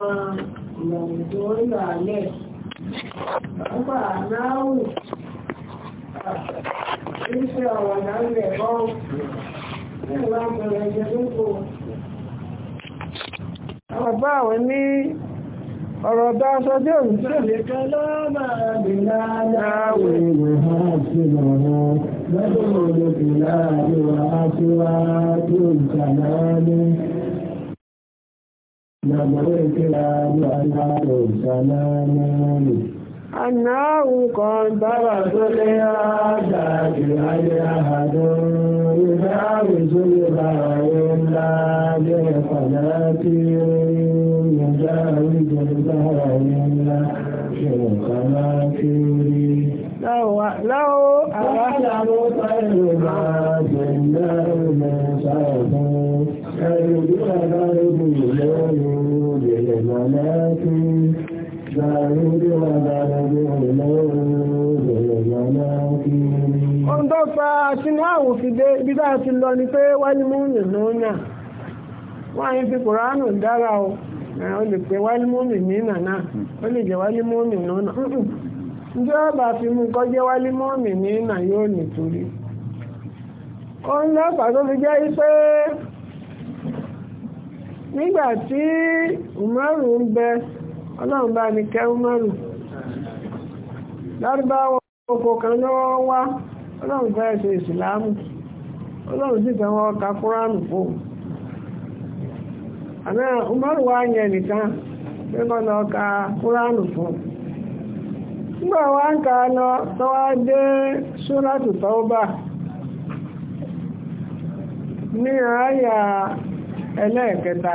ìlànà ọba àwọn ní ọ̀rọ̀ bá aṣọ jẹ́ òmìnira nìkan lọ́mà Ànáàrù kan dára tó lé àádá jù ayé àhàdó, ìdáàrù tó lè bàrà yóò ńlá jẹ́ ẹ̀kọ̀dá tí ó yẹ dáàrù jẹ́ bàrà yóò ńlá ṣe ọ̀kọ̀dá tí ó rí. Láwọ́ àwọ́ àwọ́ àwọ́ Ohun tó fa àti ní àwò fi a ti lọ ni pé wálímúnì lónà. Wọ́n àyín fi dára o, ó lè pé wálímúnì ní nàná, ó lè jẹ́ wálímúnì lónà. Ndí ọba fi mú kọ́ jẹ́ wálímúnì ní nà yóò nítorí. Ohun lọ́pàá tó fi jẹ́ pé nígbà tí Umaru ń bẹ ọlọ́run bá ní kẹ́rùmọ́rù lárúbáwọ̀ oko kan wá ọlọ́run fẹ́ ṣe ìsìláàmù ọlọ́run sì fẹ́ wọn fò umaru wá yẹn nìkan pé kọ́ fò nígbà wá ń ka lọ tọ́wá dé tọ́ọ́bà ní ẹlẹ́ẹ̀kẹta.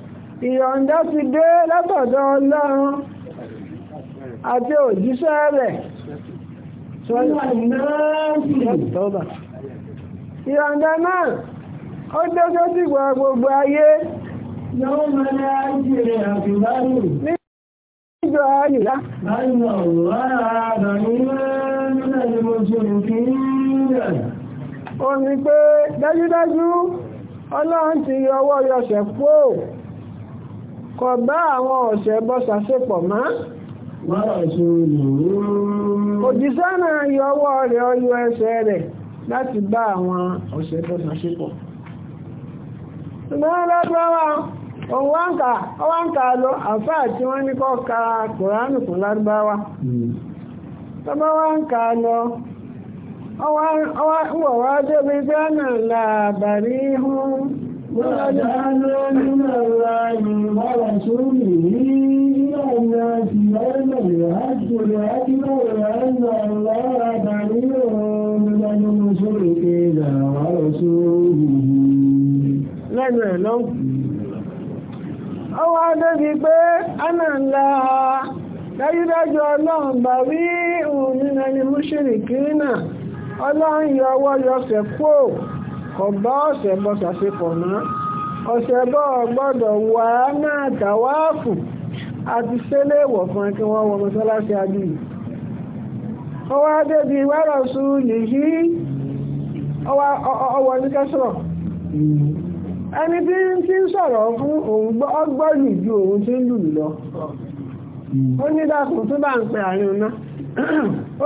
ìyọ̀ǹda ti dé látọ̀dọ̀ ọlọ́run àti òjíṣẹ́ rẹ̀ ìyọ̀ǹda náà ó dẹ́gbẹ́ sí gbogbo ayé níjọ ayìlá ó ní pé dájúdájú ọlọ́run ti yọ ọwọ́ yọṣẹ̀ kúrò kò bá àwọn ọ̀sẹ̀ bọ́ sàṣepọ̀ maa. òjíṣẹ́ náà yọ ọwọ́ rẹ̀ ọyọ ẹsẹ̀ rẹ̀ láti bá àwọn ọ̀sẹ̀ bọ́ sàṣepọ̀. ṣùgbọ́n lọ́dọ́wọ́ òun wá ń kà lọ àfáà tí wọ́n ní kọ́ ka kòránù kò lárúbáwá. tọ́bọ́ wá ń kà lọ ọwọ́ wá débi hún. وجعلنا من الله ورسوله إلى الناس يوم الحج الأكبر أن الله ọlọ́run bá rí òun nínú ẹni mùṣírìkí náà ọlọ́run yọ ọwọ́ yọ fẹ́ kúò ọba ọsẹ ọ̀sẹ̀ bọ́ ṣàṣepọ̀ mọ́ ọ̀sẹ̀ gbọdọ wà náà tàwáàfù àti sẹ́lẹ̀ ìwọ̀ kí wọ́n wọ mọ́sálásí adì ọwọ́ adébí wẹ́rọ̀ sùn nìyí ọwọ ní ẹni tí ń tí ń fún òun ju òun tí lọ ó ní dákùn tó bá ń pẹ àárín ọ̀nà ó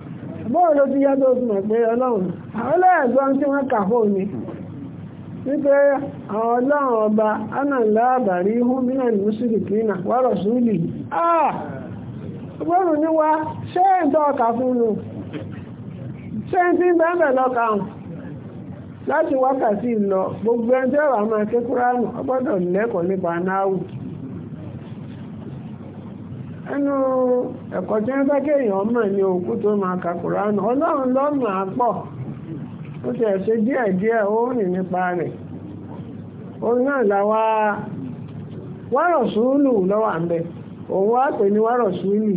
bọ́ọ̀ ló ti yá tó fi nọ pé ọlọ́run ọlọ́ẹ̀gbọ́n tí wọ́n kà fóun ni wípé ọlọ́run ọba ánàlá àbàrí húnmínà ní mùsùlùmí wọ́rọ̀ súlì àà gbọ́rùn ní wá ṣé ń tọ́ ọkà fún un ṣé ń tí ń bẹ́ẹ̀ lọ́ka láti wákàtí lọ gbogbo ọgbọ́dọ̀ lẹ́kọ̀ọ́ nípa náà ẹnu ẹ̀kọ́ tí wọ́n fẹ́ mọ̀ ní òkú tó máa ka Kùránì ọlọ́run lọ́mọ àpọ̀ ó ti ẹ̀ṣẹ̀ díẹ̀ díẹ̀ ó rìn nípa rẹ̀ òun náà làwa wárọ̀ sùúlù ń bẹ òun wá pè ní wárọ̀ sùúlù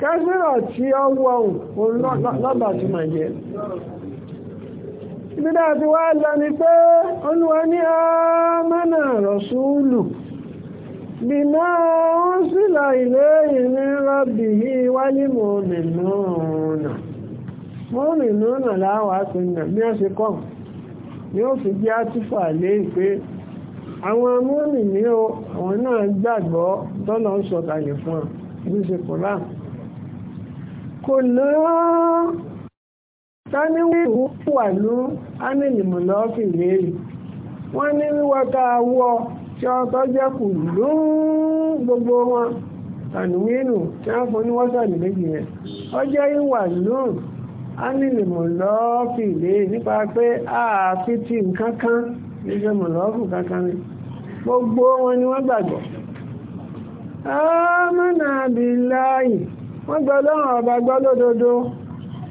kẹ́sìrọ̀ tí ó wọ òun lọ́bà tí mà jẹ ibi dáa ti wá lọ ni pé olúwa ní àmánà sùúlù. bímọ ń sílọ ilé ìní rọ́bì yìí wálé mọ́mìnúnà mọ́mìnúnà láwàá pé nà bí wọ́n ṣe kọ́ ni ó fi jẹ́ àtúfà léyìí pé àwọn mọ́mìnì o àwọn náà gbàgbọ́ tọ́lọ̀ ń sọ̀kalẹ̀ fún ọ bí ṣe kọ́lá kò náà tani wíwú wà ló ánìlìmọ̀lọ́fì léyìí wọ́n ní wíwọ́ wọ́ tí wọ́n tọ́ jẹ́ kù lóòó gbogbo wọn ànúwínù tí wọ́n fún ní wọ́sàlì méjì yẹn ó jẹ́ ìwà lóòó á nílè mọ̀lọ́ọ̀fì lé nípa pé ààfi ti nǹkan kan níṣẹ́ mọ̀lọ́ọ̀fù kankan ni gbogbo wọn ni wọ́n gbàgbọ́ ámánà bíláyì wọ́n gbọ́ lọ́rùn ọba gbọ́ lódodo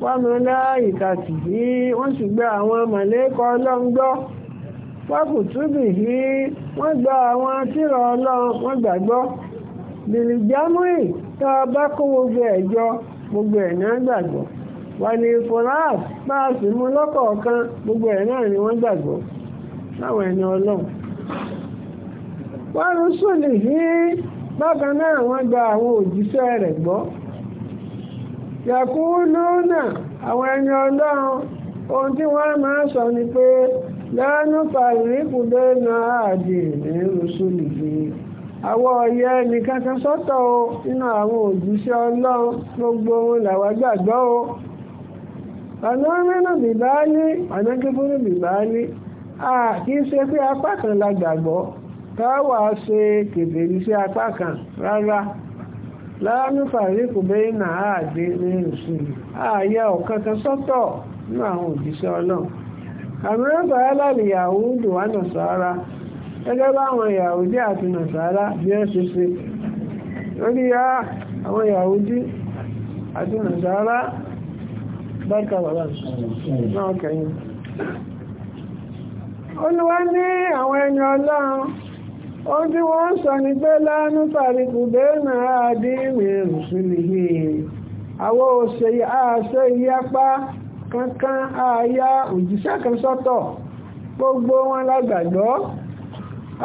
wọ́n mọ̀ láyì wákùtúbìhí wọ́n gba àwọn tírà ọlọ́run wọ́n gbàgbọ́ bìlìjámùì tá a bá kó gbogbo ẹ̀ gbogbo ẹ̀ náà gbàgbọ́ wàlẹ̀ bá a sì mú lọ́kọ̀ọ̀kan gbogbo ẹ̀ náà ni wọ́n gbàgbọ́ láwọn ẹni ọlọ́run wọ́n bákan náà wọ́n gba àwọn òjíṣẹ́ rẹ̀ gbọ́ yàkú àwọn ẹni ọlọ́run ohun tí wọ́n máa sọ ni pé lẹ́nu fàríkù lẹ́nu ààdì ìrìnrìnsólìfì àwọn ọ̀yẹ́ ẹnì kankan sọ́tọ̀ o nínú àwọn òjíṣẹ́ ọlọ́run gbogbo wọn làwọn gbàgbọ́ o ọ̀nà mẹ́nà bìbáálí a se pe kan la gbàgbọ́ wa se kèfèrí sí apá kan rárá lẹ́nu fàríkù a àmìrẹ́bà alálìyàwó dùwà nàṣàrà gẹ́gẹ́ bá àwọn Yahudi àti nàṣàrà bí ẹ́ ṣe ṣe lórí yá àwọn Yahudi àti nàṣàrà bákà bàbá náà kẹyìn kankan aya òjíṣẹ́ kan sọ́tọ̀ gbogbo wọn lágbàgbọ́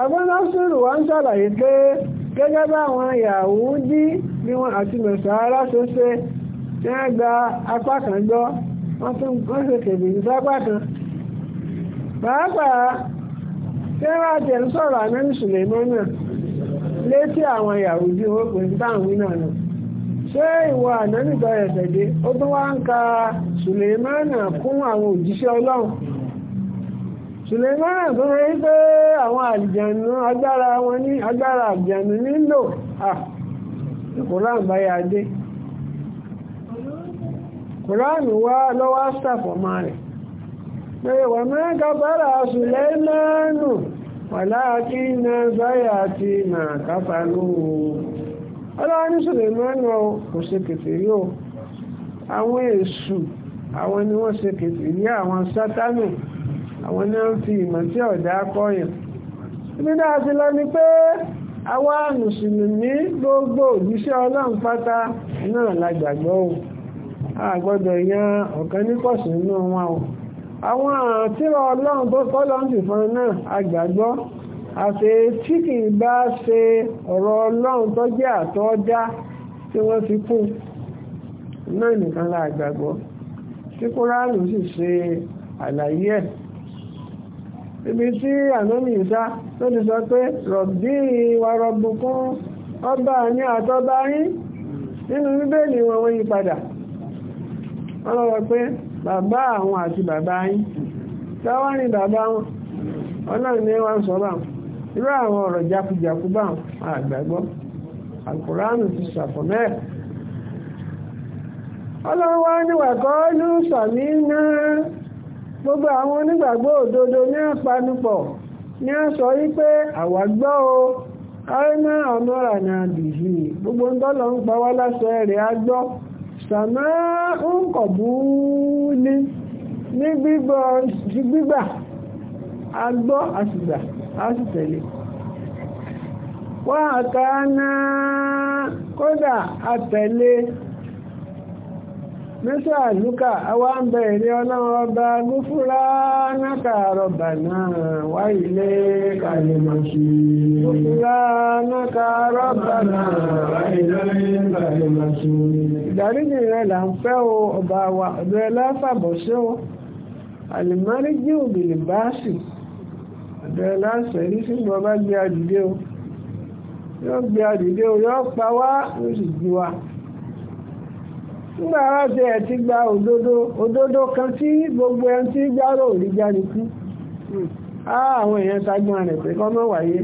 agbọ́násírù wa ń ṣàlàyé pé gẹ́gẹ́ báwọn Yàhúdí bí wọn àti Mẹ̀sàárá ṣe ṣe tí wọ́n gba apá kan gbọ́ wọ́n tún wọ́n ṣe kèbè ní sápá kan pàápàá tí wọ́n bá tẹ̀ ń sọ̀rọ̀ àmẹ́rin Sùlẹ̀mọ́ náà létí àwọn Yàhúdí wọ́n pè ní táwọn wí ṣé ìwà ànánìgbà ẹ̀sẹ̀dé ó tún wá ń ka Sùlèmánà kún àwọn òjíṣẹ́ ọlọ́run Sùlèmánà tó rí pé àwọn àlìjànú agbára wọn ní agbára àlìjànú nílò ìkòláǹbáyà dé kòláàmù wá lọ́wọ́ sàfọ̀mọ́ rẹ̀ pé wà mẹ́ka bára wà láàkí náà ọlọ́wọ́ ní sùlẹ̀mánù kò ṣe kèfèrí o àwọn èṣù àwọn ni wọ́n ṣe kèfèrí àwọn sátánù àwọn ni wọ́n fi ìmọ̀ tí ọ̀dá kọ́yàn ibi náà ti lọ ni pé àwa mùsùlùmí gbogbo òjíṣẹ́ ọlọ́run pátá náà la gbàgbọ́ o a gbọ́dọ̀ yan ọ̀kan ní pọ̀sùn nínú wọn o àwọn àtìrọ̀ ọlọ́run tó kọ́ lọ́n sì fún náà àṣẹ tí kì í bá ṣe ọ̀rọ̀ ọlọ́run tó jẹ́ àtọ́já tí wọ́n fi kún náà nìkan la gbàgbọ́ tí kúránù sì ṣe àlàyé ẹ̀ ibi tí ànámì ìsá tó ti sọ pé rọ̀bí wa rọ̀bùkún ọba ní àtọ́bá yín nínú bíbélì wọn wọ́n yí padà wọ́n lọ́wọ́ pé bàbá àwọn àti bàbá yín táwọn ní bàbá wọn ọlọ́run ni wọ́n sọ báwọn irú àwọn ọ̀rọ̀ jákujàku bá àgbàgbọ́ alkùránù ti sàfọ̀ mẹ́ẹ̀ ọlọ́wọ́ níwàkọ́ ló sàmì náà gbogbo àwọn onígbàgbọ́ òdodo ní àpanupọ̀ ní à sọ wípé àwa gbọ́ o káyọ́nà àmọ́ra náà bìí gbogbo ń tọ́lọ ń pa wá láṣẹ rẹ̀ á gbọ́ sàmá ń kọ̀bú ní gbígbà a àsìgbà a sì tẹ̀lé wọ́n àtàánà kódà àtẹ̀lé ọlọ́run ọba gúfúrá nákàrọ̀ bàná wá ilé kàlẹ̀mọ̀ṣì gúfúrá nákàrọ̀ bàná wá ilé kàlẹ̀mọ̀ṣì ìdáríjì rẹ̀ là ń fẹ́ o ọba wa ọ̀dọ̀ ẹlẹ́fàbọ̀ṣẹ́ o àlìmáríjì òbìlì báṣì bẹ̀rẹ̀ láṣẹ̀ ní sígbà bá gbé adìde o yóò gbé adìde o yóò pa wá yóò sì ju wa nígbà wá ṣe ẹ̀ ti gba òdodo òdodo kan tí gbogbo ẹni tí gbárò òrí jáde kú á àwọn èèyàn sagbọn rẹ̀ pé kọ́ mọ́ wáyé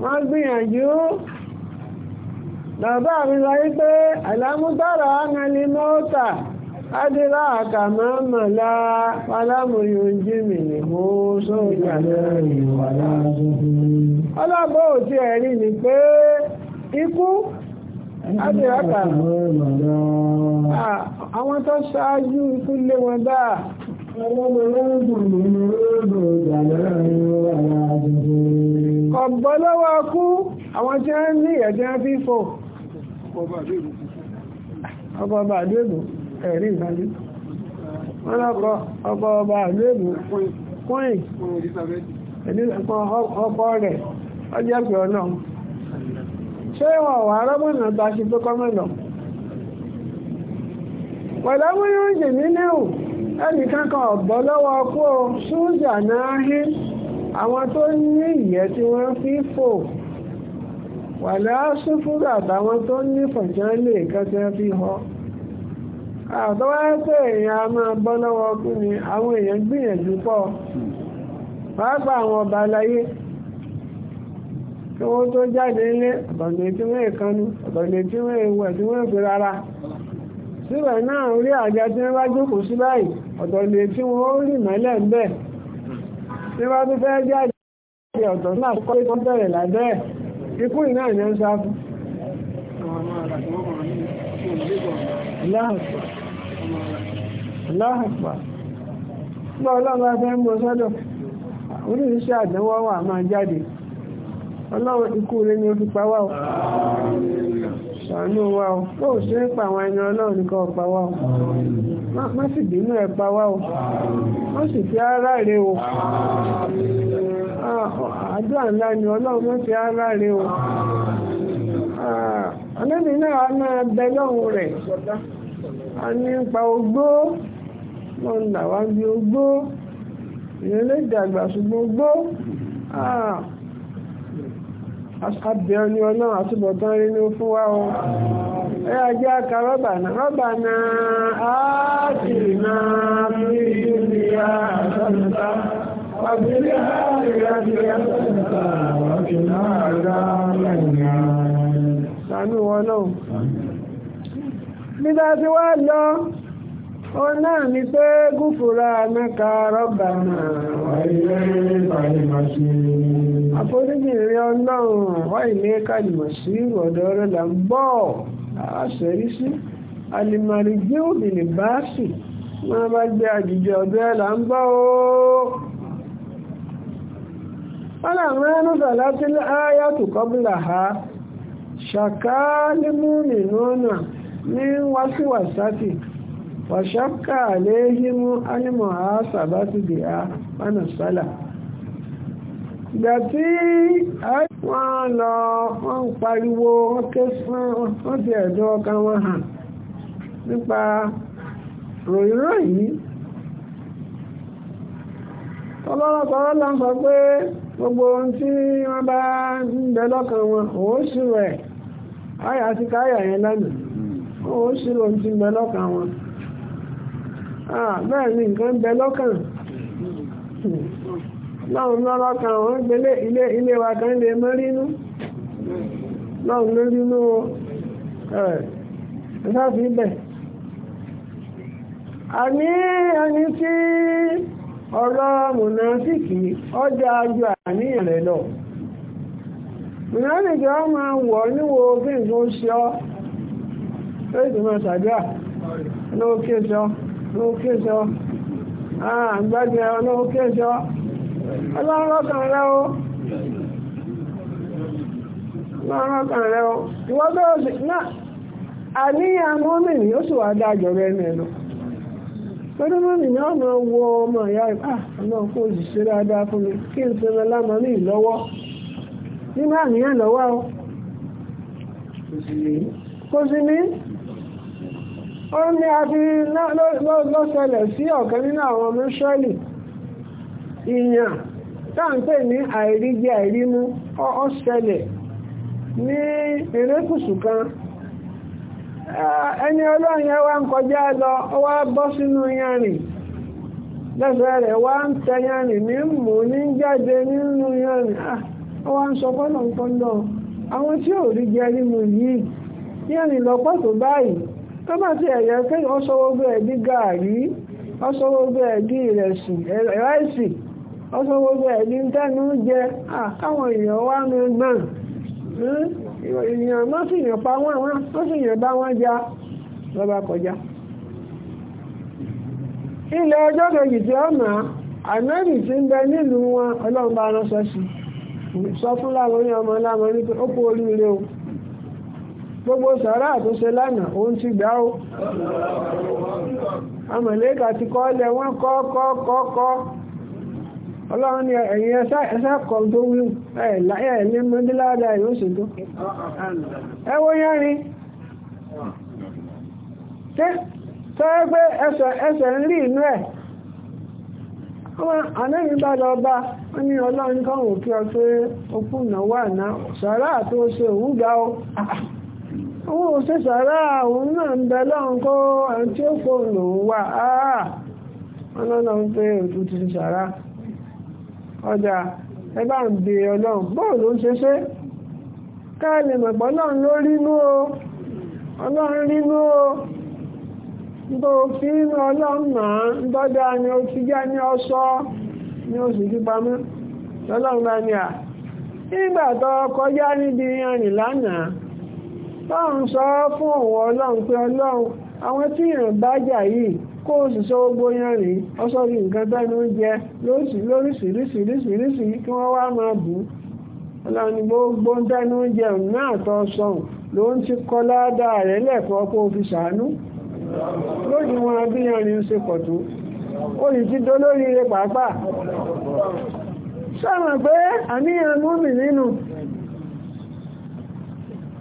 wọ́n gbìyànjú bàbá mi sọ wípé àlámútọ́rọ̀ ọ̀nà ni mọ́tà adira àkàmọ́ mọ̀lá alámòyò jíìmì ní mú sóòjà náà ọlọ́bọ̀ òtí ẹ̀rí ni pé ikú adira àkàmọ́ mọ̀lá àwọn tó ṣáájú ikú lé wọn dáa Ọ̀gbọ́lọ́wọ́ kú àwọn tí wọ́n ní ẹ̀jẹ́ fífò. Ọba àdébù. ẹ̀rí ìgbàlú wọ́n lọ́pọ̀ ọgbọ́ ọba àlébù kúrìn ọgbọ́ rẹ̀ ọjọ́ pẹ̀ ọ̀nà ṣé wọ́n wà rọ́mọ̀nà bá ṣe tó kọ́mọ̀nà pẹ̀lú àwọn nínú ẹnìkan kan lọ́wọ́ kó ṣúújà náà hí àwọn tó ní ìyẹ́ tí wọ́n fi fò wà láásùfúrà àtàwọn tó ní họ àtọ́wọ́ ah, pé èèyàn a máa bọ́ lọ́wọ́ kú ni àwọn èèyàn gbìyànjú pọ̀ pàápàá àwọn ọba aláyé kí wọ́n tó jáde nílé ọ̀dọ̀lẹ̀ tí wọ́n èkánú ọ̀dọ̀lẹ̀ tí wọ́n èwọ̀ tí wọ́n èpè rárá síbẹ̀ náà orí àga tí wọ́n bá jókòó sí báyìí ọ̀dọ̀lẹ̀ tí wọ́n rì mọ́lẹ̀ ń bẹ̀ tí wọ́n tó fẹ́ jáde ṣe ọ̀tọ̀ náà kọ́ tó bẹ̀rẹ̀ lábẹ́ ikú iná ìyẹn ń sáfù. láàpá gbọ́ ọlọ́run afẹ́ ń bọ́ sọ́dọ̀ àdánwò wà máa jáde ọlọ́run ikú ni ó fi pa wá o o ó ṣe ń pa àwọn ẹni ọlọ́run nìkan ọ̀pá wa má sì bínú pa má sì fi ara o ah, àdúrà ńlá ni ọlọ́run fi ara o ah, náà máa bẹ lọ́run rẹ̀ a ní pa ogbó. lọ́n là wá bí ogbó ìyẹn lè dàgbà ṣùgbọ́n ogbó abẹ́ ah. ọ ní ọlọ́run àtúbọ̀tán rí ní fún wa o ẹ ajé aka rọ́bà náà rọ́bà náà á sì máa fi ìdí ya àtọ́nùtà wàbílẹ̀ àríyá ti àtọ́nùtà wàbí náà rà lẹ́yìn ààrẹ. sànú wọn náà. bí bá ti wá lọ ó náà ni pé gúfúra mẹ́ka rọ́bà náà wáyé ìbáyìmọ̀sí àforíjì rí ọlọ́run wáyé kàlìmọ̀sí ọ̀dọ̀ rẹ̀ là ń bọ̀ àṣẹrí sí alìmọ̀rì gbé òbìnrin bá sì wọ́n bá gbé àjùjọ ọ̀dọ̀ rẹ̀ là ń bọ̀ ó wọ́n làwọn ẹnu sọ̀lá tí áyá tó kọ́bùlà ha ṣàkálímù nìyọ́nà ní wáṣíwàṣátì wàṣọ́kà léhìmú ánìmọ̀ àásàbá ti dè á mánà sálà tí lọ pariwo ti ẹ̀dọ́ ọkàn nípa ròyìnròyìn tọ́lọ́rọ̀tọ́rọ́ gbogbo ohun tí wọ́n bá ń bẹ lọ́kàn wọn òun rẹ̀ sí káyà yẹn Ah, bẹ́ẹ̀ ni nǹkan bẹ lọ́kàn lọ́run lọ́rọ̀ wọ́n gbélé ilé ilé wa kan lè mọ́ rínú lọ́run ló rínú eh, ẹ̀ sáfi bẹ̀. àní ẹni tí ọ̀rọ̀ mùnàfíkì ọjà ju àníyàn rẹ̀ lọ mùnàfíkì ọ máa wọ̀ níwò kí nǹkan ṣe lókèṣọ́ àgbàjẹ́ ọlọ́kèṣọ́ ọlọ́rọ̀kàn rẹ̀ o ọlọ́rọ̀kàn rẹ̀ o ìwọ́n bẹ́ẹ̀ sì náà àníyàn mọ́mìnì ó sì wà dájọ́ rẹ̀ mẹ́lọ pẹ̀lú mọ́mìnì ọmọ ọmọ ìyá ah, ìpá òṣìṣẹ́ dáadáa fún mi kí n ní ìlọ́wọ́ nínú àníyàn lọ́wọ́ o kò ní ó ní abí ló sí ọ̀kan nínú àwọn ọmọ ṣọ́ọ̀lì ìyàn táǹpẹ̀ ní àìríjẹ àìrímú ó ní erékùsù kan ẹni ọlọ́run wá ń kọjá lọ wá bọ́ sínú yanrìn lẹ́sẹ̀ rẹ̀ wá ń tẹ yanrìn ní mò ní jáde nínú wá ń sọ fọ́nà ń pọ́n lọ àwọn tí ò rí jẹ rímu yìí tó tó bá ti ẹ̀yẹ pé wọ́n sọ gbogbo ẹ̀ bí gàárì wọ́n sọ gbogbo ẹ̀ bí ìrẹsì wọ́n tẹ́nu jẹ èèyàn wá mi hmm? èèyàn pa wọ́n wọ́n sì èèyàn bá wọ́n já kejì tí ó ń bẹ nílùú wọn ọlọ́run sọ fún láwọn ọmọ láwọn ó gbogbo sàárà ṣe lánàá òun ti gbà ó amọ̀lẹ́kà ti kọ́ lẹ wọ́n kọ́ kọ́ kọ́ kọ́ ọlọ́run ni ẹ̀yìn ẹsẹ́ kọ̀ tó wí ẹ̀ ní mọ́díláàdá yóò sì tó ẹ wo yẹ́rin tẹ́ẹ́ pé ẹsẹ̀ ń rí inú ẹ̀ bá lọ bá wọ́n ní ọlọ́run owó ṣe sàárà òun náà ń bẹ lọ́run kó ẹni tí wà áà wọn lọ́nà ń pé ọjà ẹ bá ń bi ọlọ́run bóun ló ń ṣe ṣe ká lè mọ̀ pé ọlọ́run ló o ọlọ́run o fi ọlọ́run náà ń dọ́jà ni ó ti já ní bá ń fún òun ọlọ́run pé ọlọ́run àwọn tí ìrìn bá jà yìí kó o sì sọ gbogbo yẹn rèé ọsọrí nǹkan tẹnu jẹ lóríṣiríṣiríṣiríṣi kí wọ́n wá máa bù ọlọ́run ni gbogbo tẹnu jẹ náà tọ́ sọ̀hún ló ń ti kọ́ ládàá rẹ̀ lẹ́kọ̀ọ́ kó o fi ṣàánú lójú wọn bí yanrìn ṣe pọ̀ tó ó yìí ti dolóríire pàápàá sọ̀rọ̀ pé àníyàn múmi nínú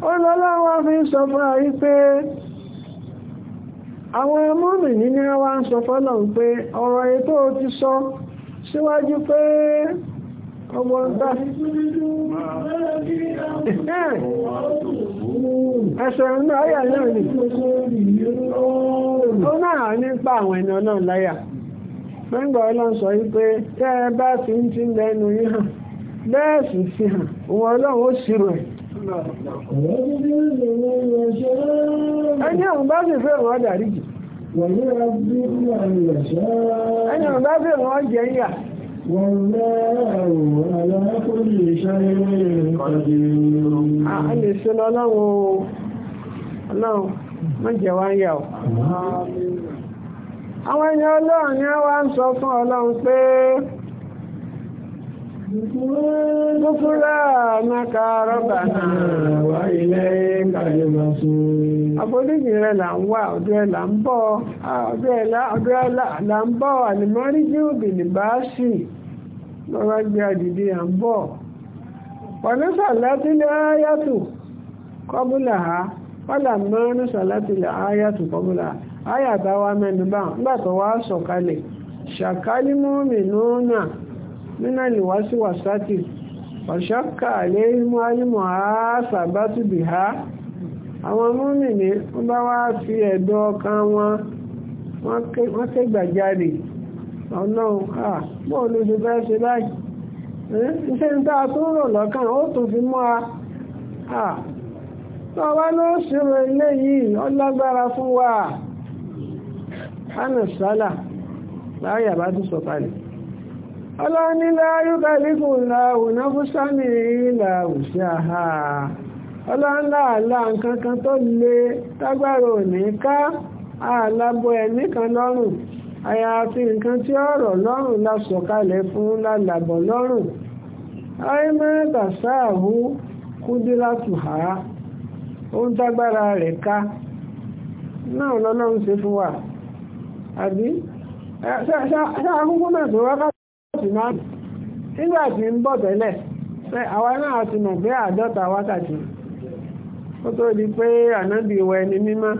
olọ́lọ́wọ́ fi ń sọ fún àrí pé àwọn ẹmọ́mì nínú wá ń sọ fọ́lọ̀ pé ọ̀rọ̀ ètò ti sọ síwájú pé ọmọ ọ̀tá ẹ̀ṣẹ̀ inú ayà náà ni ó náà nípa àwọn láyà mẹ́gbà wípé bá ti lẹ́nu bẹ́ẹ̀ sì fi hàn òun ọlọ́run ó ẹni àwọn bá sì fẹ́ wọn dàrí jù ẹni àwọn bá fẹ́ wọn jẹ yà Ọlọ́run mọ́jẹ̀ wá ń yà ọ̀. Àwọn ẹni ọlọ́run ni wá ń sọ fún ọlọ́run pé غفرانك ربنا وإليك المصير àforíjì rẹ̀ là ẹ̀ là ń bọ̀ ọ̀dọ̀ ń bọ̀ àlùmọ́ríjì òbìnrin bá ha wọ́là mọ́rin sàlátìlẹ̀ ayátù kọ́bùlà ń nínú àlèwásí wàsátì ọ̀ṣọ́kà lè mú alímọ̀ àásàbátùbì ha àwọn múmìnì wọ́n bá wá fi ẹ̀dọ̀ ọkàn wọn wọ́n ké gbàjáde ọlọ́run à bóò ló ṣe fẹ́ ṣe báyìí iṣẹ́ ní tá a tún rò lọ́kàn ó tún fi mọ́ a ọlọ́ni láàrú kàlíkù láàrù náà fún sámi sí àhá ọlọ́nlá àlá tó le tágbára òní ká àlábọ ẹ̀mí kan lọ́rùn àyàfi tí lọ́rùn la fún lálàbọ̀ lọ́rùn sáàhú rẹ̀ ká náà lọ́lọ́run ṣe fún wákàtí márùn nígbà tí ń bọ̀ tẹ́lẹ̀ àwa náà ti mọ̀ pé àádọ́ta wákàtí ó tó di pé ànábì ìwọ ẹni mímọ́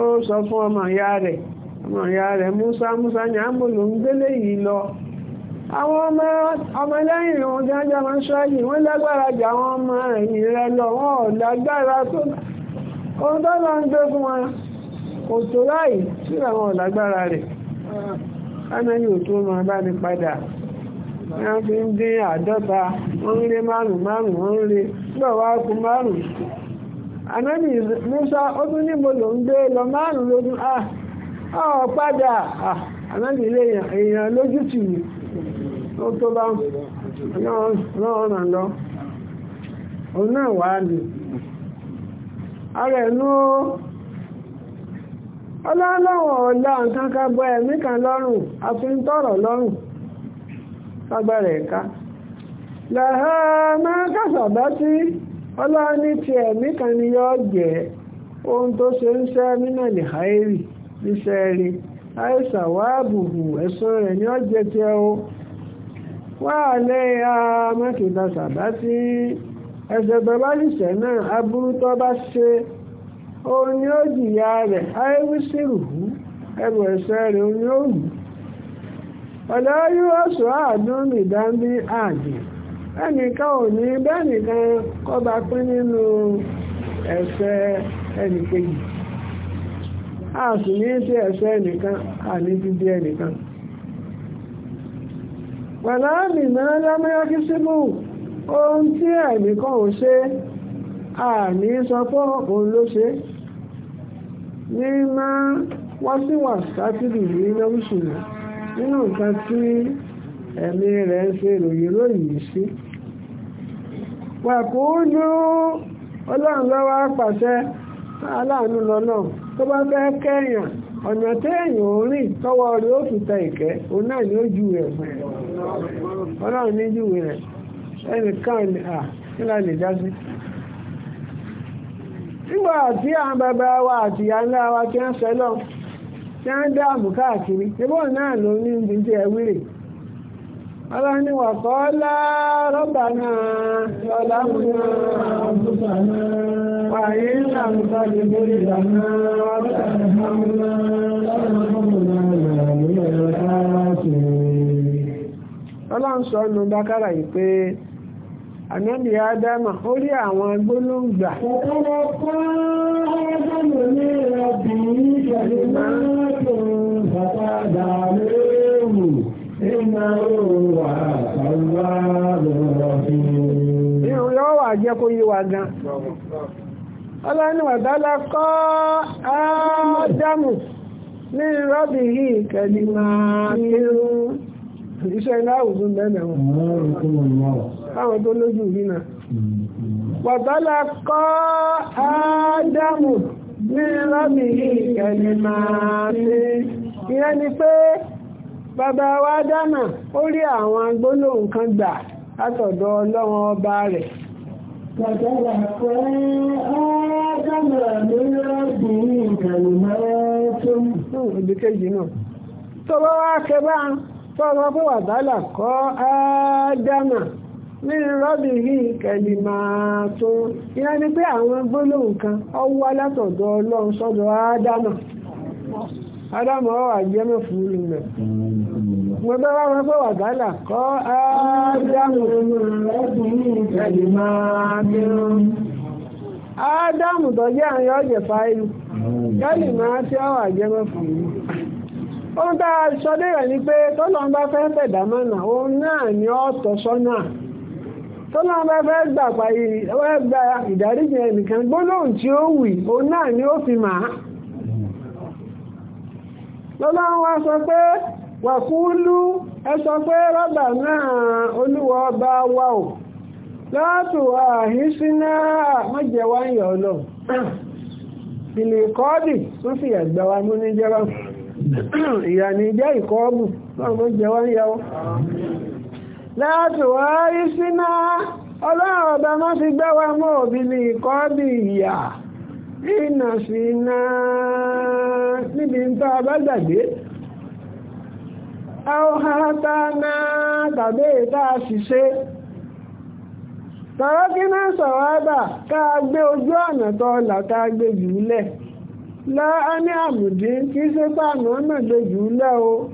ó sọ fún ọmọ ìyá rẹ̀ ọmọ ìyá rẹ̀ Musa Musa ni àmúlò ń gbélé yìí lọ àwọn ọmọ ọmọlẹ́yìn wọn jájá máa ń ṣáàyè wọ́n lágbára jà àwọn ọmọ ẹ̀yìn rẹ̀ lọ wọn ò lágbára tó ohun tó lọ ń gbé fún wọn kò tó láì sí àwọn ò rẹ̀ kánáyì ò tó máa bá ní padà wọ́n fi ń dín àádọ́ta wọ́n ń lé márùn márùn wọ́n ń nụ nígbà márùn anábì musa ó tún ní lọ márùn lójú ọ ah, padà anábì ah, ilé èèyàn lójútì mi ó tó bá lọ́wọ́ lọ wà ọlọ́lọ́wọ̀n ọ̀la nǹkan bọ ẹ̀mí kan lọ́rùn àfintọ́rọ̀ lọ́rùn lágbára ẹ̀ka làhá máa kàṣàbá sí ọlọ́ni ti ẹ̀mí kan ni yọ́ jẹ́ ohun tó ṣe ń ṣẹ́ nínà lè háírì níṣẹ́ rí àìsàn wá bùbù ẹ̀sùn rẹ̀ ni ó jẹ́ tí ó wà lẹ́yà mọ́kìtà onye o ji jìyà rẹ̀ àìwísírùhù ẹrù ẹ̀ṣẹ̀ rẹ̀ òun onye ó wù ọ̀dọ́ yóò sọ àádùn ìdámbí ààjì ẹnìkan ò ní bẹ́ẹ̀nìkan kọba pín nínú ẹ̀ṣẹ̀ a sì ní sí ẹ̀ṣẹ̀ ẹnìkan àní ohun àní sọ pé òun ló ṣe ní máa wọ́n sì wà sátìrì ní lọ́wọ́sùnà nínú nǹkan tí ẹ̀mí rẹ̀ ń ṣe ròyìn lóyìn sí pàkúndú ọlọ́run lọ́wọ́ pàṣẹ aláàánú tó bá fẹ́ kẹ́yàn ọ̀nà téèyàn ò rìn tọwọ́ rẹ̀ ó fi ta ìkẹ́ òun náà ni ó ju ọlọ́run ní ju rẹ̀ ẹnìkan ni nígbà tí àwọn bàbá wa àti ìyá ńlá wa tí wọ́n lọ tí wọ́n dáàbò káàkiri níbọ̀ náà ló ní ibi tí ẹ wílè ọlọ́run ni wà náà lọ́lá múná wàyé ńlá múta ànábì ádámà ó rí àwọn gbólóǹgbà. ọ̀pọ̀lọpọ̀ fún ádámù ní ọ̀bì ìṣẹ̀lẹ̀ náà tó ń bàtà dà léwu iná òwà àtàwà lọ́ọ̀bì. irun yóò wà jẹ́ kó yé wa gan. kọ́ iṣẹ́ iná àwùjọ lẹ́nà wọn tó lójú rí náà wàtálà kọ́ ádámù ní rọ́bì ìkẹni máa ní ìyẹn ni pé bàbá wa dámà ó rí àwọn gbólóhùn kan gbà látọ̀dọ̀ ọlọ́wọ́n ọba rẹ̀ wàtálà kọ́ ádámù ní rọ́bì ìkẹni máa tó sọ́rọ̀ fún wàbálà kọ́ ádámà ní rọ́bìhì kẹlìmà tó ìyá ni pé àwọn gbólóhùn kan ọ wá ọlọ́run sọ́dọ̀ ádámà ádámà ọ̀wà jẹ́mọ̀ fún ilẹ̀ mo bẹ́ wá kọ́ ádámà tí jẹ́mọ̀ fún ilẹ̀ ohun tá a sọ lérẹ̀ ni pé tọ́lọ́n bá fẹ́ tẹ̀dá mọ́nà òun náà ni ó tọ́ sọ́nà tọ́lọ́n bá fẹ́ gbà ìdáríjì ẹnìkan gbólóhùn tí ó wì òun náà ni ó fi màá lọ́lọ́run sọ pé wàkúlú ẹ sọ pé rọ́bà náà ọba wa ò mọ́jẹ̀wá ń yọ̀ tó wa mú ní ìyà ní jẹ́ ìkọ́ọ̀bù ọmọ jẹwa ń yàwó láti wá rí síná ọlọ́run ọba má fi gbẹ́wà mọ́ òbí ní ìkọ́ọ̀bù ìyà ìnà sí iná níbi tá a bá gbàgbé náà tàbí ìta láà ní àmùdí kí sépà àmọ́nà jù lẹ́ o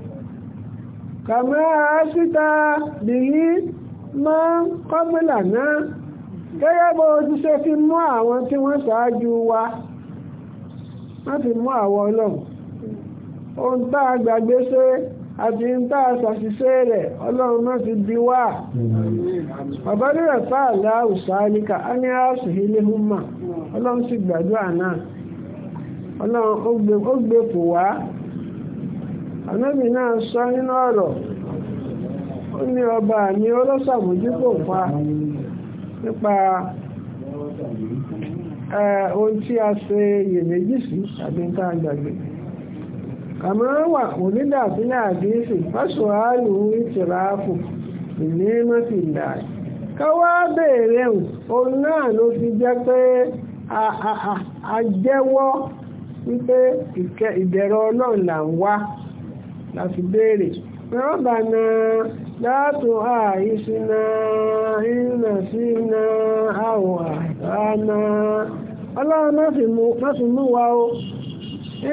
kàmẹ́rà síta bìyí mọ́ ń náà gẹ́gẹ́ bó ti ṣe fi mọ́ àwọn tí wọ́n ṣáájú wa wọ́n fi mọ́ àwọn ọlọ́run ohun tá a gbàgbé ṣe àti ohun tá rẹ̀ ọlọ́run náà ti di wá bàbá fáàlà á ní ọlọ́run sì gbàdúrà náà ọlọ́run ó gbé kò wá ànábì náà sọ nínú ọ̀rọ̀ ó ní ọba àmì ọlọ́sàmójúkò fa nípa ohun tí a ṣe iyèméjì sí tàbí tá a gbàgbé kàmọ́ wà onídàbílẹ̀ àdéhìsì fásitì àlù ìtìráàfù ìlémọ́tì ìdáyì káwá béèrè òun náà ló fi jẹ́ pé àjẹ́wọ́ wípé ìbẹ̀rẹ̀ ọlọ́run là ń wá la fi béèrè rọ́bà náà látò àìsíná ìrìnà síná àwọ̀ àtàná ọlọ́run má fi mú wa o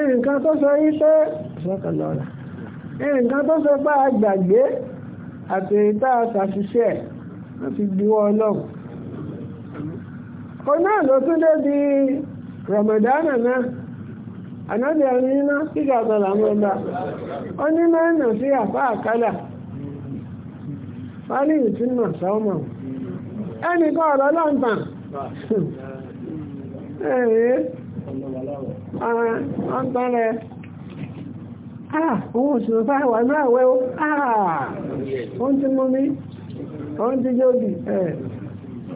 nǹkan tó sọ yí pé ìṣọ́kànlọ́ra nǹkan tó sọ pé àgbàgbé àti ìta àṣàṣiṣẹ́ wọ́n ti diwọ́ ọlọ́run kò náà ló tún débi rọ̀mọ̀dánà náà ànábìrin iná kíkà gbọ́dọ̀ àwọn ọba onímọ̀ ẹ̀nà sí àpá àkálà wálé ìtúnmọ̀ sọ́mọ̀ ẹnì kan ọ̀rọ̀ lọ́ǹtàn ẹ̀ẹ́ rẹ̀ ah òun òṣèrè fáà wà ah òun ti mú mi ti jóbi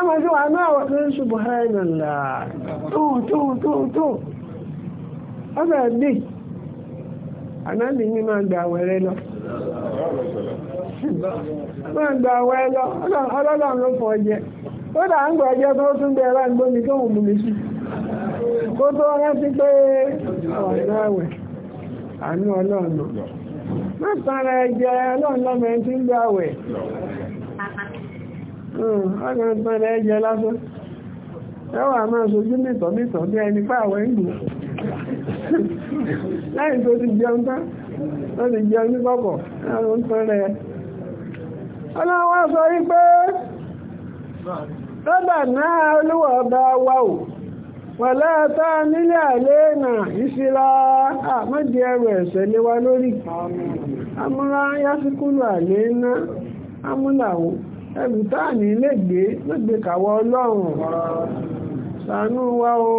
ana zuwa a waɗansu subhanallah to to nla to ana bi anábì ní máa gbà wẹ̀rẹ́ lọ máa lọ ọlọ́dọ̀ ló fọ jẹ ó dà ń gbọ́ ọjọ́ tó tún bẹ̀rẹ̀ tó sí kó tó pé àánú ń ọ̀rẹ́ ìpínlẹ̀ ẹjẹ lásán ẹwà máa sojú mìtọ̀ mìtọ̀ bí ẹni pé àwọn ìlú láì tó ti jẹun tán tó ti jẹun ní kọ̀kọ̀ ẹ̀rọ ń tẹ́rẹ ọlọ́wọ́ sọ wípé rọ́bà náà olúwọ̀ ọba wa ò pẹ̀lẹ́ ẹ̀tọ́ nílé àlẹ́ náà ìṣíra àmọ́dé ẹrù ẹ̀sẹ̀ lé wa lórí amúra yásíkúlù àlẹ́ náà amúlàwọ̀ ẹ̀rù táàní lè gbé gbégbé kàwọ́ ọlọ́run ṣàánú wa o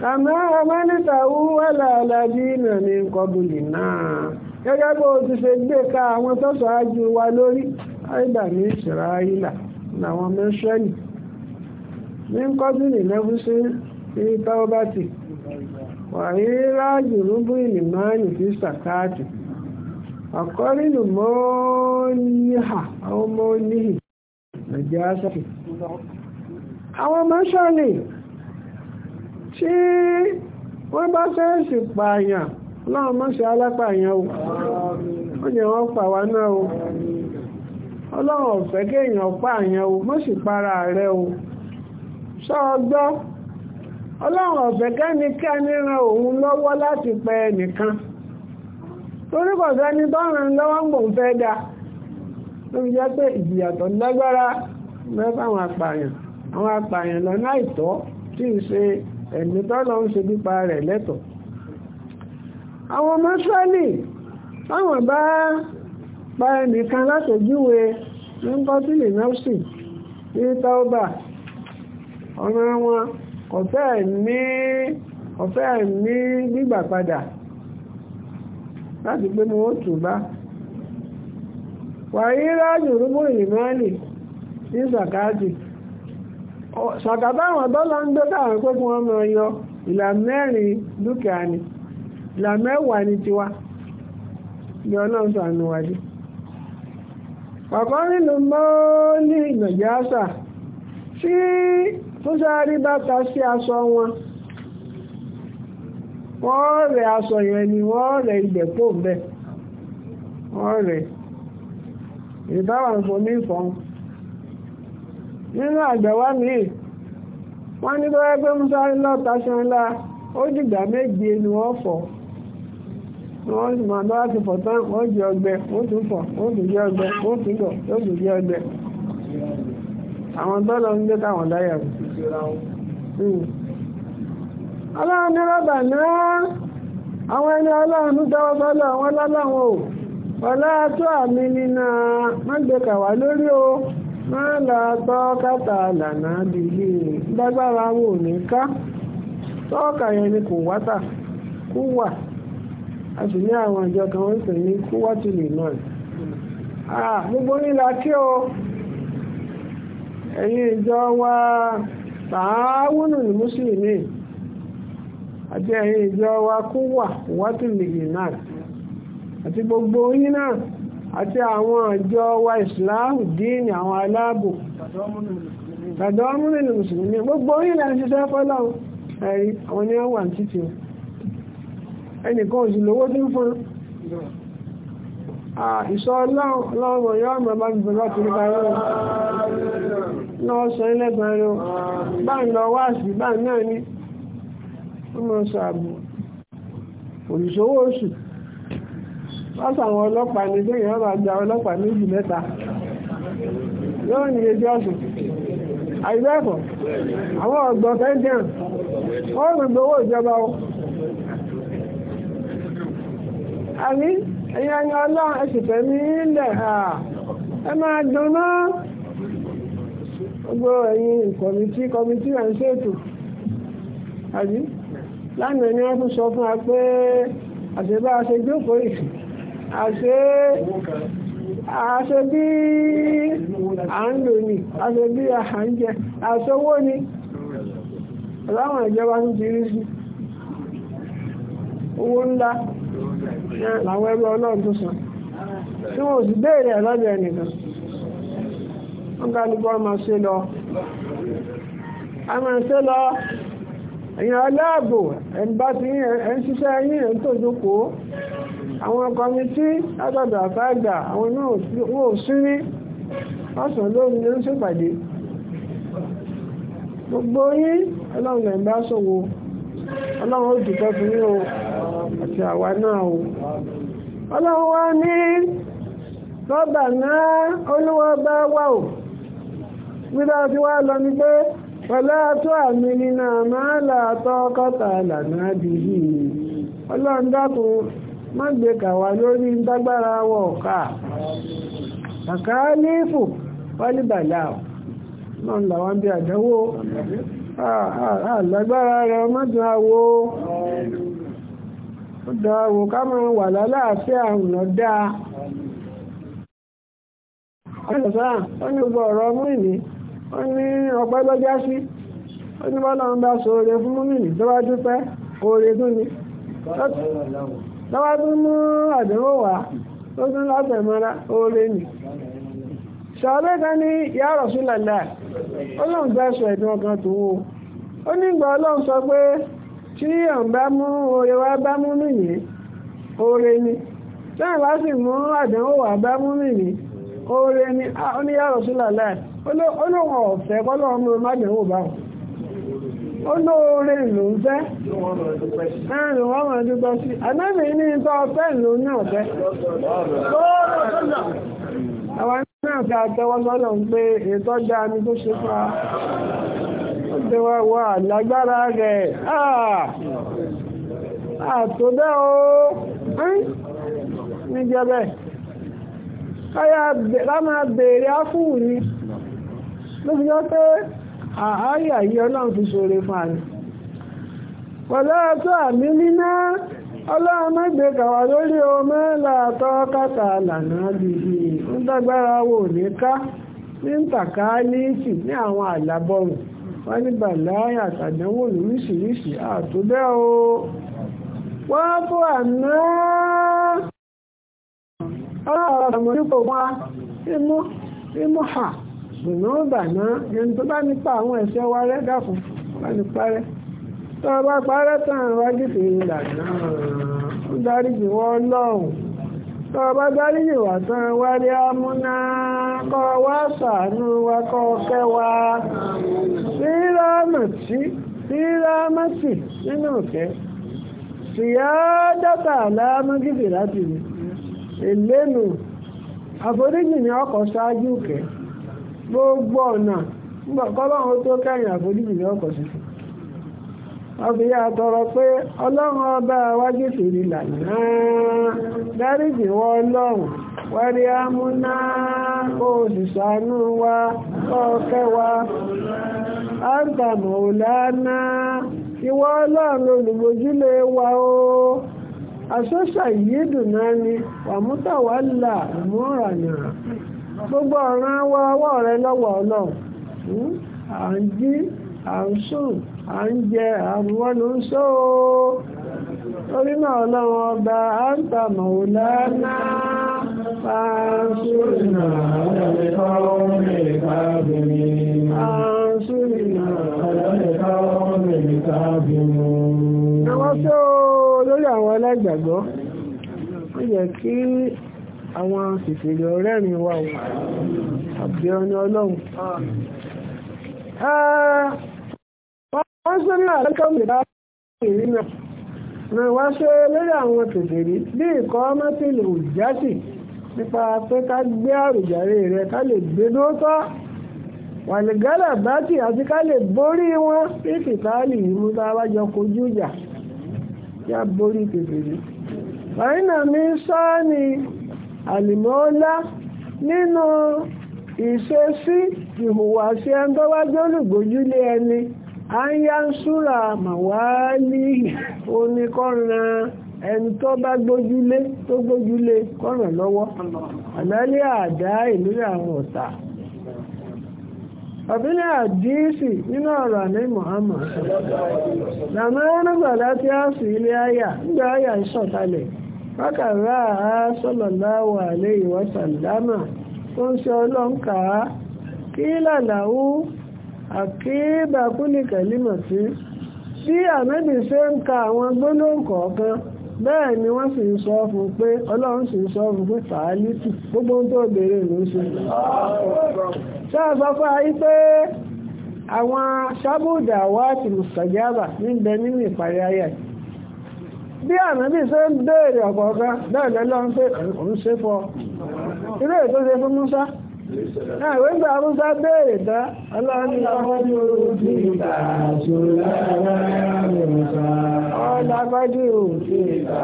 kàmẹ́ ọmọnítàwú wẹ́lẹ̀ ọ̀lẹ́bí ní kọbùlì náà gẹ́gẹ́ ka wa lori ní ìṣìráyìlà làwọn ní kọbùlì lẹ́fúsí ní tọ́ọ́bátì ní àkọ́rìnù mọ́ níhà àwọn ọmọ níhì nàìjíríà sọ́fì àwọn ọmọ sọ́ọ̀lì tí wọ́n bá fẹ́ sì pààyàn láwọn mọ́ alápààyàn o ó jẹ́ wọ́n pa wá náà o ọlọ́run ọ̀fẹ́ kéèyàn pààyàn o mọ́ sì para rẹ o sọ́ọ̀gbọ́ ọlọ́run ọ̀fẹ́ kẹ́nikẹ́ni ran òun lọ́wọ́ láti pẹ ẹnìkan torí kò sẹ́ni tọ́run lọ́wọ́ ń gbòm fẹ́ da ló fi jẹ́ pé ìjìyà tó lágbára mẹ́fà àwọn apààyàn àwọn apààyàn lọ́nà àìtọ́ tí ì ṣe ẹ̀mí tọ́lọ ń ṣe pípa rẹ̀ lẹ́tọ̀ àwọn ọmọ Ísírẹ́lì táwọn bá pa ẹnìkan látòjúwe ní kọ́tìlì nọ́ọ̀sì ní tọ́ọ̀bà ọ̀rọ̀ wọn gbígbà padà láti pé ni wọ́n tù bá wàyí ráàjù rúgbó ìmọ̀ẹ́lì ní sàkáàtì sàkàtà dọ́là ń gbé káwọn pé kí wọ́n máa yọ dúkìá ni ìlà ni tiwa ni ọlọ́run sànù wájú nínú mọ́ọ́lì ìnàjásà tí tó sáré bá ta sí aṣọ wọn wọ́n rẹ̀ aṣọ yẹn ni wọ́n rẹ̀ ilẹ̀ pò bẹ́ẹ̀ wọ́n rẹ̀ ìbáwọn fomi nínú àgbẹ̀wá míì wọ́n ní bọ́wẹ́ pé musa lọ́ta ṣanlá ó dìgbà méje ni wọ́n fọ̀ wọ́n sì ti fọ̀ tán ọgbẹ́ ó tún fọ̀ ó àwọn ń ọlọ́run ní rọ́bà náà àwọn ẹni ọlọ́run tẹ́wọ́ bọ́lọ̀ ala lọ́lọ́run o ọlá tó àmì nínà mọ́gbẹ̀kà lórí o Ma la tọ́ kátà lànà a sì ní àwọn àjọ kan gbogbo o ìjọ wa ní mùsùlùmí àti ẹ̀yin ìjọ wa kó wà wátìlìyìn náà àti gbogbo yín náà àti àwọn ìjọ wa islam dín àwọn aláàbò tàdọ́mùnì mùsùlùmí gbogbo yín là ń ṣiṣẹ́ fọ́lọ́run ẹ̀rí àwọn ni wọ́n wà títí ẹnìkan òsì lówó tí ń fún ìṣọ́ ọlọ́run yọ́ àmọ́ bá gbogbo láti rí bá rẹ̀ lọ́wọ́ sọ ilẹ̀ bá lọ wáàsì bá náà ní mọ́ sàbò òṣìṣòwò oṣù látàwọn ọlọ́pàá ní pé ìyàn máa gba ọlọ́pàá méjì mẹ́ta yóò ní ẹjọ́ ọ̀sùn àìbẹ́ẹ̀kọ́ àwọn ọ̀gbọ̀n fẹ́jẹ̀n wọ́n rí gbowó ìjọba o àní ẹ̀yà ni ọlọ́run ẹ̀sìfẹ́ ní ilẹ̀ ẹ máa dùn mọ́ gbogbo ẹ̀yin kọ̀mìtì kọ̀mìtì ẹ̀ ń ṣètò àbí lánàá ni wọ́n tún sọ fún wa pé ṣe jókòó yìí àṣe bí a ń lò ní àṣe bí ń jẹ ni ìjọba ti rí sí owó ńlá làwọn ẹgbẹ́ ọlọ́run tó san tí sì béèrè ẹnìkan wọ́n máa ṣe a máa èyàn aláàbò ẹnbá ti ẹ̀ ń ṣiṣẹ́ yín ẹ̀ ń tòjókó àwọn kọmití látọ̀dọ̀ àfáàgbà àwọn náà wọ́n ò sí rí ọ̀sán lórí ló ń ṣèpàdé gbogbo yín ọlọ́run ẹ̀ ń bá ṣòwò ọlọ́run ó dùpẹ́ fún yín o àti àwa náà o ọlọ́run wá ní rọ́bà náà olúwọ́ bá wà o gbígbá ti wá lọ ní pé Fọlá tó àmì nínú àmàlà tọ́kọ́tà lànà bìí. Ọlọ́run dákun má gbé lórí dágbára wọ̀ ká. Kàkà lífù pálíbàlá náà làwọn bí àdánwò. Àlágbára mọ́dún ká wà ó ní ọpẹ́ sí ó ní bọ́lá ń bá sóore fún oore tó ní mú àdéhùn ó tún látẹ̀mọ́ra oore ni sọ̀rọ̀ ní ya Rasulullah ó lóun fẹ́ sọ ẹ̀dùn ọkàn tó wò sọ oore ni oore ni ó ní yàrá sílà ọ̀fẹ́ kọ́lọ́run ló má jẹ́ wò báwọn ń fẹ́ ẹ̀rùn wọ́n mọ̀ sí ní ìtọ́ ọ̀fẹ́ ló ní ọ̀fẹ́ àwọn náà fi àtẹwọ́ sọ́lọ̀ ń pé ṣe o ká máa bèèrè áfúù ni ló fi jọ pé àáyà yìí ọlọ́run fi ṣòro fún àná pẹ̀lú ẹ̀tọ́ àmì níná ọlọ́run mẹ́gbẹ́ kàwà lórí ọmọ ẹ̀làtọ́ kàtà àlànà bìbì ń dágbára wò ní ká ní tàkà líìsì ní àwọn wọ́n ní bàláyà àtàdánwò àtúbẹ́ o wọ́n fún àná ọlọ́rọ̀ mọ̀rípò wá imú imú hà ṣùgbọ́n bàná ẹni tó bá nípa àwọn ẹ̀ṣẹ̀ wa rẹ̀ dàkún bá ní parẹ́ tó o bá parẹ́ tán wá gìtì ìlànà ó dáríjì wọ́n lọ́hùn tó o bá dáríjì wà tán wá rí amúná èlénu àforíjì ni ọkọ̀ ṣáájú kẹ́ gbogbo ọ̀nà kọ́lọ́run tó kẹ́yìn àforíjì ni ọkọ̀ ṣe tọrọ pé ọlọ́run ọba wájú lànà dáríjì wọ ọlọ́run wárí ámúná òṣìṣàánú wa ọ̀kẹ́ wa àgbàmọ̀ òlànà ìwọ ọlọ́run olùgbòjúlé wa o. àṣọ́ṣà ìyédùnà ni wàmútàwálà ìmúrànà gbogbo ọ̀ràn wa ọwọ́ rẹ lọ́wọ́ ọlọ́run hmm? à ń jí à ń sùn à ń jẹ àrùwọ́ ló ń sọ torí náà ọlọ́run ọba àǹtà mọ̀ọ́lá فانصرنا على القوم الكافرين فانصرنا على القوم الكافرين àwọn tó lórí àwọn aláìgbàgbọ́ ó yẹ kí àwọn fìfèrè ọ̀rẹ́ mi wà ó àbí ọ̀nà ọlọ́run wọ́n sọ ní àlẹ́kọ̀ọ́mù ìdá ìrí náà wọ́n sọ lórí àwọn fìfèrè bí ìkọ́ mọ́tìlù jásì nípa pé ká gbé àrùjàre rẹ ká lè gbé lóòótọ́ wàlìgálà bátì àti ká lè borí wọn ní kìtàlì ìlú tá a bá jọ kojú ìjà kí a borí kékeré fàyínà mi sọ ni àlìmọ́ọ́lá nínú ìṣesí ìhùwàsí ẹni tó bá jólùgbójúlé ẹni à ń súra màwáálì oníkọ́ran ẹni tó bá gbójúlé tó gbójúlé kọ́nà lọ́wọ́ àlálẹ́ àdá ìlú àwọn ọ̀tá ọ̀bílẹ̀ àdíìsì nínú ọ̀rọ̀ àlẹ́ Muhammad lànà ẹ̀rọ̀gbà láti ile wa bí àmẹ́bì ṣe ń ka àwọn gbólóǹkọ̀ọ̀kan bẹ́ẹ̀ ni wọ́n sì ń sọ fún pé ọlọ́run sì ń sọ fún pé fàálítù gbogbo tó bèèrè ló ń ṣe ṣáà sọ fún ayé pé àwọn sábúdà wá ti mùsàjábà níbẹ̀ nínú ìparí ayé bí ànábì ṣe ń béèrè ọ̀kọ̀ọ̀kan bẹ́ẹ̀ lọ́lọ́run pé òun ṣe fọ́ ilé ètò fún Musa Àwọn ìgbà Arúgbá béèrè tán, ọlọ́ni ọmọdé ojú ìta ṣùlá aláàrẹ̀mọ̀sá. Ọlọ́gbájú ojú ìta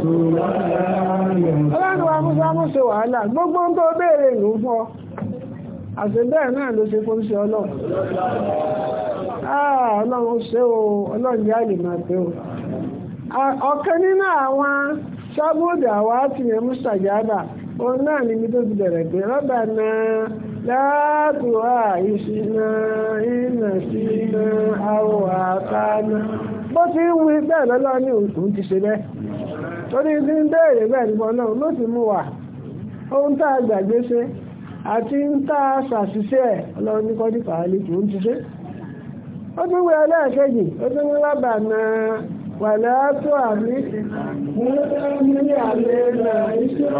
ṣùlá aláàrẹ̀mọ̀sá. Ọlọ́run wa Musa mú ṣe wàhálà, gbogbo ń tó béèrè ìlú fún ọ. Àṣẹ bẹ́ẹ̀ náà wa ah, ah, ti yẹn mú òun náà níbi tó ti bẹ̀rẹ̀ pé rọ́bà náà láàbùwà ìṣìnà ìnà sínú àwọ̀ àtàná bó ti ń wí bẹ́ẹ̀ lọ́lọ́ ní òun ti ṣe bẹ́ẹ̀ torí ti ń béèrè bẹ́ẹ̀ nípa náà ló ti mú wà ohun a gbàgbé ṣe àti ń tá a ṣàṣìṣe ẹ̀ ní ti ṣe ó wí ẹlẹ́ẹ̀kejì ó rọ́bà Wàlọ́tò àmì mú ní àlè náà iṣẹ́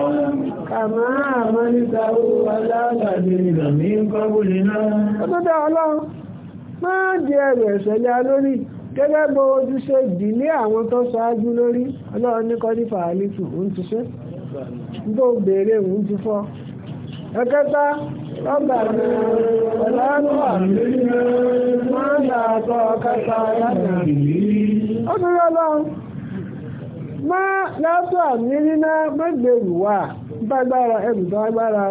kàmá àmọ́ níta owó aláàbàdé ìrọ̀mí ń kọ́bùlé náà. Ó tó dá ọlọ́run, máa di ẹrù ẹ̀ṣẹ̀lẹ̀ lórí gẹ́gẹ́ bó ojú ṣe dìlé àwọn tó ṣáájú lórí ọlọ́run ní kọ́ní fàálítù ń ti ṣe. Ń tó béèrè fọ́. Ẹ̀kẹta, ربنا ولا تحملنا a لا طاقة لنا ọdún yọ́lọ́ má látọ̀ àmìrínà mẹ́gbẹ̀rù wà bágbára ẹ̀rù tó agbára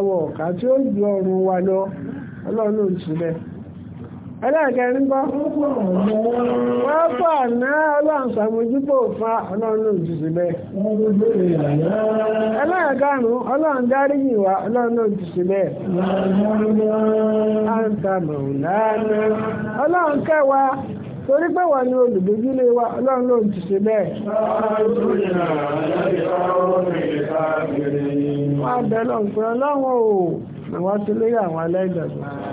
ẹlẹ́ẹ̀kẹrin kọ́ wọ́n pọ̀ náà ọlọ́run sàmójúbò ọlọ́run òjìṣẹ́ bẹ́ẹ̀ ẹlẹ́ẹ̀kẹrin ọlọ́run dárí ìwà ọlọ́run òjìṣẹ́ bẹ́ẹ̀ àǹtàmọ̀ ọlọ́run kẹwàá torí pé wà ní olùdójúlé wa ọlọ́run ló ń ti ṣe bẹ́ẹ̀. wọ́n á bẹ̀rẹ̀ ọ̀pẹ̀ ọlọ́run àwọn tó àwọn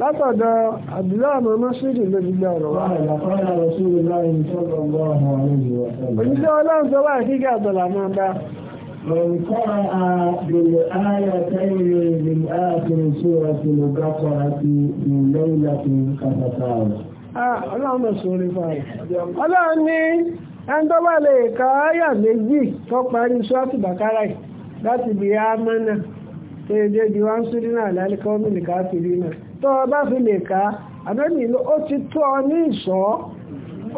látọ̀dọ̀ àbúláàmù mọ́sídì lórí ilé ọ̀rọ̀ wa. òṣìṣẹ́ ọlọ́run tó wà kíkẹ́ àtọ̀là máa bá. من قرأ بالآيتين من آخر سورة البقرة في ليلة كفتاه. آه اللهم صل وسلم. ọlọ́run ní ẹni tó bá lè ka áyà méjì tó parí sọ́ọ̀tù bàkárà yìí láti bí i ámánà tó yẹ dé di wá ń sórí náà lálẹ́ kọ́mìnì káàkiri náà. tó o bá fi lè ká àbẹ́bí ló ó ti tó ní ìṣọ́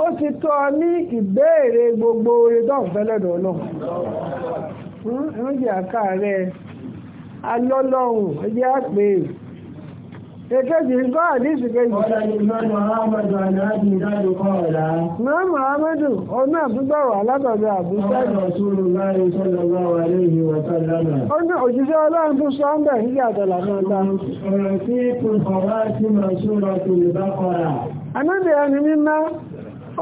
ó ti tó ọ ní ìbéèrè gbogbo oore tó ń fẹ́ lọ́dọ̀ ọlọ́run rẹ̀ alọ́lọ́run ẹjẹ́ àpè ekeji ń gbọ́ àdísì kejì. mọ́mọ́ amadu ọ̀nà àbúgbàwà alábàbà àbúgbàwà. ó ní òjíṣẹ́ ọlọ́run fún sọ́ńdà nígbà àtàlà náà ta. ọ̀rọ̀ sí kùnkọ̀wá sí màṣúra tó lè bá kọ́ra. anábìyàn ni mímá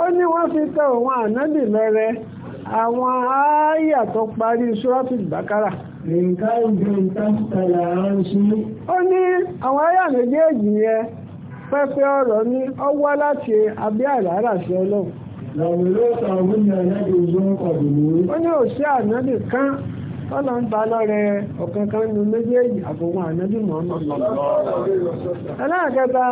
ó ní wọ́n fi tẹ òun ànábì àwọn ááyà tó parí ṣúrọ́tù ìbákárà ó ní àwọn ááyà méjèèjì yẹn pẹ́pẹ́ ọ̀rọ̀ ní ọwọ́ láti abẹ́ àràárà sí ọlọ́run ó ní òṣìṣẹ́ ànábì kan tọ́lọ ń ba lọ́rẹ ọ̀kan kan nu méjèèjì àbòwọn ànábì mọ́mọ́. aláàgẹ́ta.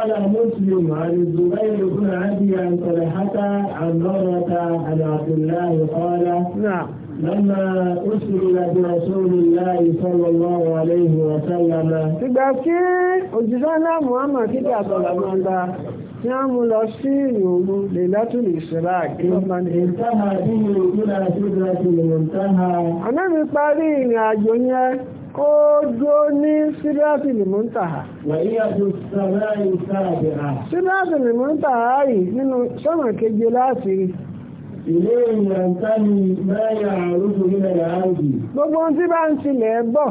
ọ̀la ló ti lè mọ̀ àrùbù ẹ̀yọ̀kùn àbí àǹtọ̀rẹ̀ hátà àǹgọ́rọ̀ta àlàbùláì ọ̀la. لما أسئل برسول الله صلى الله عليه وسلم. Ìgbà kí òjìṣẹ́ náà Mùhàmmá kíkẹ́ tí wọ́n mú lọ sí ìròrú lè látùlù ìṣẹ́lá àkíyànmáni. Ànábì parí ìrìn àjò yẹn ó dúró ní síláàtì lèmọ́ntàhà. Síláàtì lèmọ́ntàhà yìí nínú sọ́mà keje láti rí. Ilé ìrìn àǹtá ni Máyà Rúfin nílẹ̀ Gbogbo ohun tí bá ń tilẹ̀ bọ̀.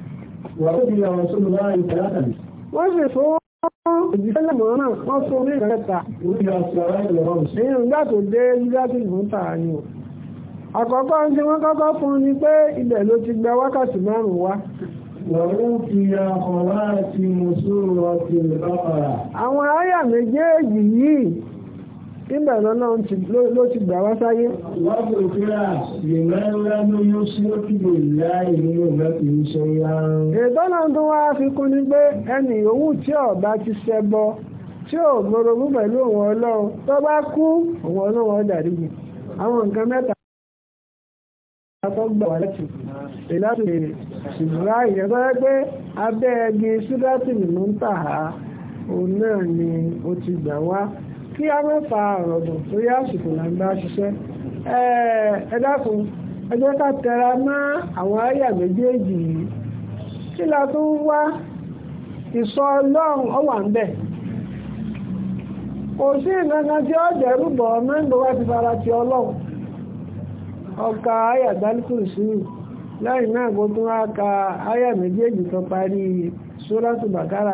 وقبل رسول الله ثلاثا وصفوا ìdíṣẹ́lẹ̀ mọ̀ náà wọ́n fún ní ìrẹ́ta nínú ìgbà tó dé lílátì ìmúta ni o àkọ́kọ́ tí wọ́n kọ́kọ́ fún ni pé ilẹ̀ ti gba wákàtí márùn wá àwọn àyà méjèèjì nígbà lọ́nà ló ti gbà wá sáyé. wọ́n ya. tó wá fi kún ni pé ẹnì yòówù tí ọba ti ṣẹbọ tí ò pẹ̀lú òun ọlọ́run tó bá kú òun ọlọ́run àwọn nǹkan mẹ́ta láti ṣùgbọ́n tó rẹ́ pé abẹ́ ẹgbẹ́ kí a mọ́ fa àrọ̀dọ̀ lórí làgbà ṣiṣẹ́ ẹ ẹ ká tẹra mọ́ àwọn àyà méjèèjì yìí kí la tó wá ìsọ ọlọ́run ọ ń bẹ̀ kò sí tí ó ti fara ti ọka náà kó tún wá ka méjèèjì tó parí sóràtù bàkárà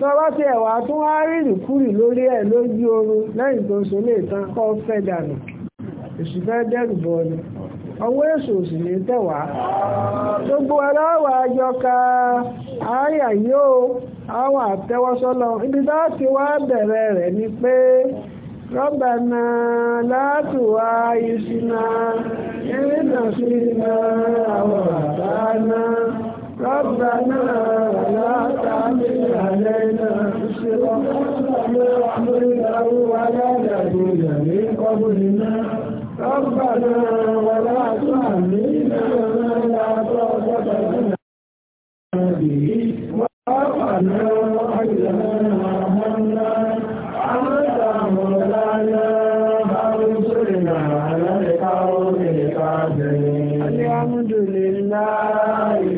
tọ́wọ́ ti ẹ̀wà tún wá lórí ẹ̀ lójú oorun lẹ́yìn tó ń so lè tán kọ́ fẹ́ dànù èsì dẹ́rù bọ́ ni ọwọ́ èso aláwọ̀ ka yóò àwọn ibi a ti wá bẹ̀rẹ̀ rẹ̀ ni pé rọ́bà náà sí àwọn ربنا لا تعمل علينا شرا كما عمله ولا نبي من قبلنا ربنا ولا تعملنا ما لا طاقة لنا به وعفنا وحينا وارحمنا عمدا مولانا فانصرنا على القوم الكافرين الحمد لله